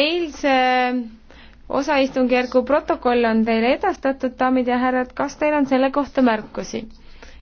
eilse osaistungjärgu protokoll on teile edastatud daamid ja härrad kas teil on selle kohta märkusi?